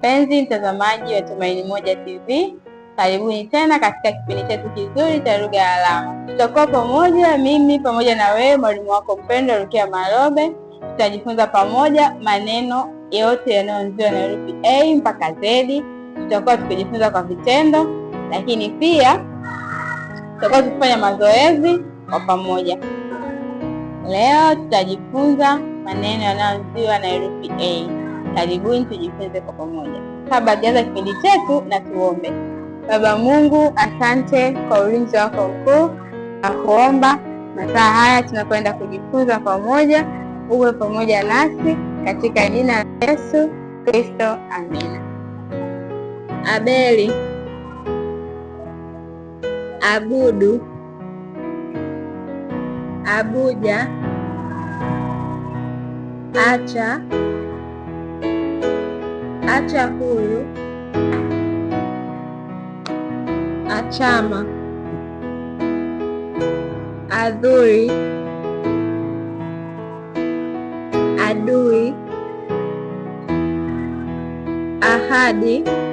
Mpenzi mtazamaji wa Tumaini Moja TV, karibuni tena katika kipindi chetu kizuri cha lugha ya alama. Tutakuwa pamoja, mimi pamoja na wewe, mwalimu wako mpendwa Rukia Marobe. Tutajifunza pamoja maneno yote yanayoanziwa na herufi A mpaka Z. Tutakuwa tukijifunza kwa vitendo, lakini pia tutakuwa tukifanya mazoezi kwa pamoja. Leo tutajifunza maneno yanayoanziwa na herufi A. Karibuni tujifunze kwa pamoja. Kabla hatujaanza kipindi chetu, na tuombe. Baba Mungu, asante kwa ulinzi wako mkuu, na kuomba masaa haya tunakwenda kujifunza pamoja, uwe pamoja nasi katika jina la Yesu Kristo, amina. Abeli, abudu, Abuja, acha acha huyu, achama, adhuri, adui, ahadi